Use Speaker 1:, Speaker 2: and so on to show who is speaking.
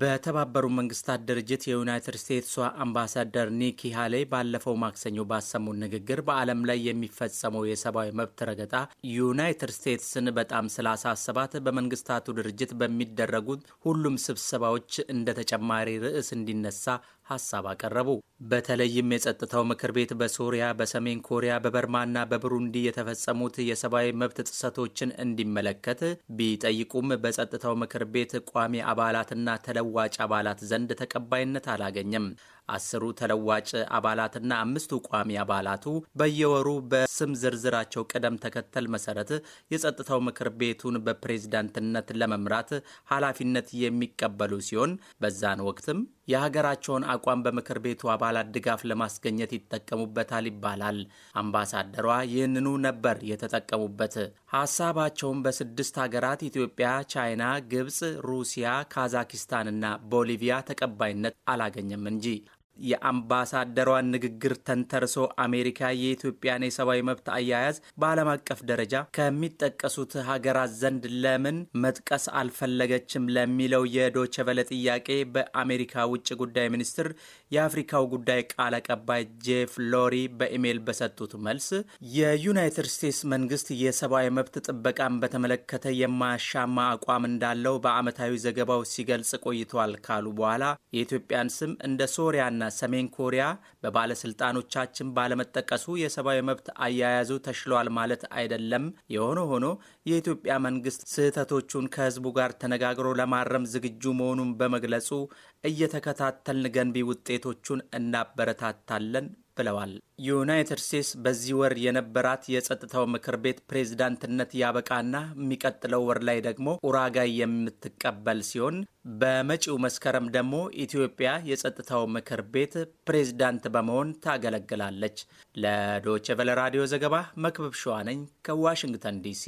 Speaker 1: በተባበሩት መንግስታት ድርጅት የዩናይትድ ስቴትሷ አምባሳደር ኒኪ ሃሌ ባለፈው ማክሰኞ ባሰሙት ንግግር በዓለም ላይ የሚፈጸመው የሰብአዊ መብት ረገጣ ዩናይትድ ስቴትስን በጣም ስላሳሰባት በመንግስታቱ ድርጅት በሚደረጉት ሁሉም ስብሰባዎች እንደ ተጨማሪ ርዕስ እንዲነሳ ሀሳብ አቀረቡ። በተለይም የጸጥታው ምክር ቤት በሶሪያ፣ በሰሜን ኮሪያ፣ በበርማና በብሩንዲ የተፈጸሙት የሰብአዊ መብት ጥሰቶችን እንዲመለከት ቢጠይቁም በጸጥታው ምክር ቤት ቋሚ አባላትና ተለ ተለዋጭ አባላት ዘንድ ተቀባይነት አላገኘም። አስሩ ተለዋጭ አባላትና አምስቱ ቋሚ አባላቱ በየወሩ በስም ዝርዝራቸው ቅደም ተከተል መሰረት የጸጥታው ምክር ቤቱን በፕሬዝዳንትነት ለመምራት ኃላፊነት የሚቀበሉ ሲሆን በዛን ወቅትም የሀገራቸውን አቋም በምክር ቤቱ አባላት ድጋፍ ለማስገኘት ይጠቀሙበታል ይባላል። አምባሳደሯ ይህንኑ ነበር የተጠቀሙበት። ሀሳባቸውም በስድስት ሀገራት ኢትዮጵያ፣ ቻይና፣ ግብፅ፣ ሩሲያ፣ ካዛኪስታንና ቦሊቪያ ተቀባይነት አላገኘም እንጂ የአምባሳደሯን ንግግር ተንተርሶ አሜሪካ የኢትዮጵያን የሰብአዊ መብት አያያዝ በዓለም አቀፍ ደረጃ ከሚጠቀሱት ሀገራት ዘንድ ለምን መጥቀስ አልፈለገችም ለሚለው የዶቸበለ ጥያቄ በአሜሪካ ውጭ ጉዳይ ሚኒስትር የአፍሪካው ጉዳይ ቃል አቀባይ ጄፍ ሎሪ በኢሜይል በሰጡት መልስ የዩናይትድ ስቴትስ መንግስት የሰብአዊ መብት ጥበቃን በተመለከተ የማያሻማ አቋም እንዳለው በዓመታዊ ዘገባው ሲገልጽ ቆይቷል ካሉ በኋላ የኢትዮጵያን ስም እንደ ሶሪያና ሰሜን ኮሪያ በባለስልጣኖቻችን ባለመጠቀሱ የሰብአዊ መብት አያያዙ ተሽሏል ማለት አይደለም። የሆነ ሆኖ የኢትዮጵያ መንግስት ስህተቶቹን ከህዝቡ ጋር ተነጋግሮ ለማረም ዝግጁ መሆኑን በመግለጹ እየተከታተልን ገንቢ ውጤቶቹን እናበረታታለን ብለዋል። ዩናይትድ ስቴትስ በዚህ ወር የነበራት የጸጥታው ምክር ቤት ፕሬዝዳንትነት ያበቃና የሚቀጥለው ወር ላይ ደግሞ ኡራጋይ የምትቀበል ሲሆን በመጪው መስከረም ደግሞ ኢትዮጵያ የጸጥታው ምክር ቤት ፕሬዝዳንት በመሆን ታገለግላለች። ለዶቼ ራዲዮ ዘገባ መክብብ ሸዋነኝ ከዋሽንግተን ዲሲ